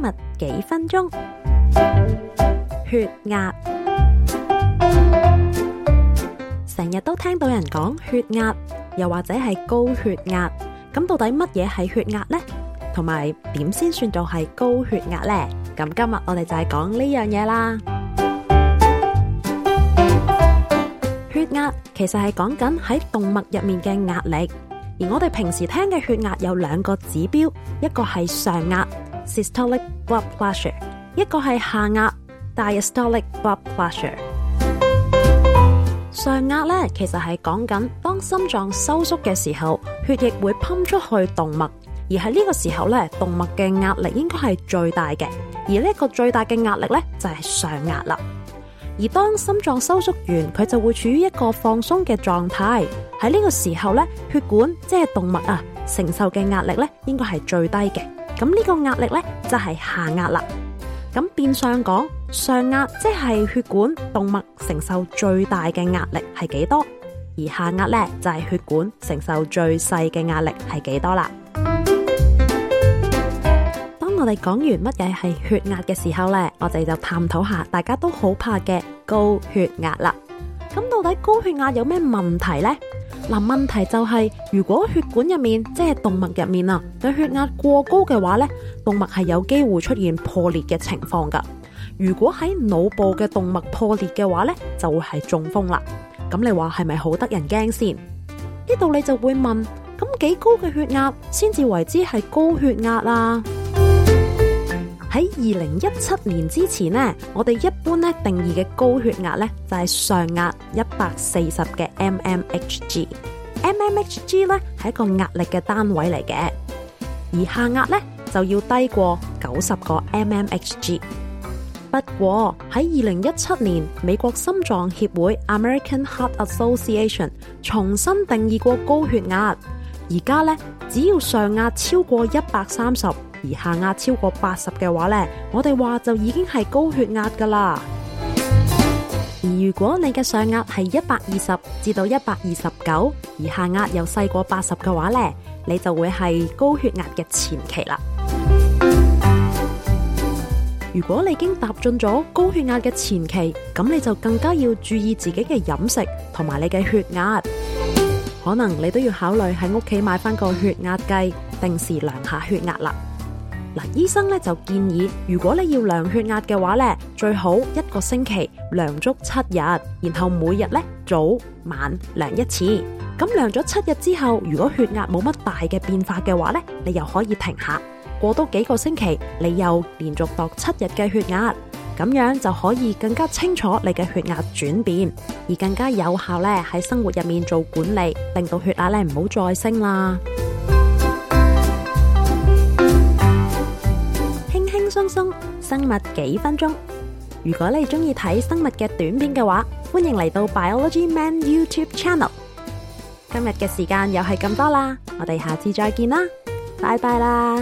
生物幾分鐘，血壓成日都聽到人講血壓，又或者係高血壓，咁到底乜嘢係血壓呢？同埋點先算做係高血壓呢？咁今日我哋就係講呢樣嘢啦。血壓其實係講緊喺動脈入面嘅壓力，而我哋平時聽嘅血壓有兩個指標，一個係上壓。systolic blood pressure 一個係下壓，但係 diastolic blood pressure 上壓咧，其實係講緊當心臟收縮嘅時候，血液會噴出去動脈，而喺呢個時候咧，動脈嘅壓力應該係最大嘅，而呢一個最大嘅壓力咧就係、是、上壓啦。而當心臟收縮完，佢就會處於一個放鬆嘅狀態，喺呢個時候咧，血管即係動脈啊，承受嘅壓力咧應該係最低嘅。咁呢個壓力呢，就係下壓啦。咁變相講，上壓即係血管動脈承受最大嘅壓力係幾多，而下壓呢，就係血管承受最細嘅壓力係幾多啦。當我哋講完乜嘢係血壓嘅時候呢，我哋就探討下大家都好怕嘅高血壓啦。咁到底高血壓有咩問題呢？嗱，問題就係、是、如果血管入面，即係動脈入面啊，對血壓過高嘅話咧，動脈係有機會出現破裂嘅情況噶。如果喺腦部嘅動脈破裂嘅話呢，就會、是、係中風啦。咁你話係咪好得人驚先？呢度你就會問，咁幾高嘅血壓先至為之係高血壓啊？喺二零一七年之前呢，我哋一般咧定義嘅高血壓呢，就係上壓一百四十嘅 mmHg，mmHg 呢，係一個壓力嘅單位嚟嘅，而下壓呢，就要低過九十個 mmHg。不過喺二零一七年，美國心臟協會 American Heart Association 重新定義過高血壓，而家呢，只要上壓超過一百三十。而下壓超過八十嘅話呢，我哋話就已經係高血壓噶啦。而如果你嘅上壓係一百二十至到一百二十九，而下壓又細過八十嘅話呢，你就會係高血壓嘅前期啦。如果你已經踏進咗高血壓嘅前期，咁你就更加要注意自己嘅飲食同埋你嘅血壓，可能你都要考慮喺屋企買返個血壓計，定時量下血壓啦。嗱，醫生咧就建議，如果你要量血壓嘅話咧，最好一個星期量足七日，然後每日咧早晚量一次。咁量咗七日之後，如果血壓冇乜大嘅變化嘅話咧，你又可以停下，過多幾個星期，你又連續度七日嘅血壓，咁樣就可以更加清楚你嘅血壓轉變，而更加有效咧喺生活入面做管理，令到血壓咧唔好再升啦。生生物幾分鐘。如果你中意睇生物嘅短片嘅話，歡迎嚟到 Biology Man YouTube channel。今日嘅時間又係咁多啦，我哋下次再見啦，拜拜啦。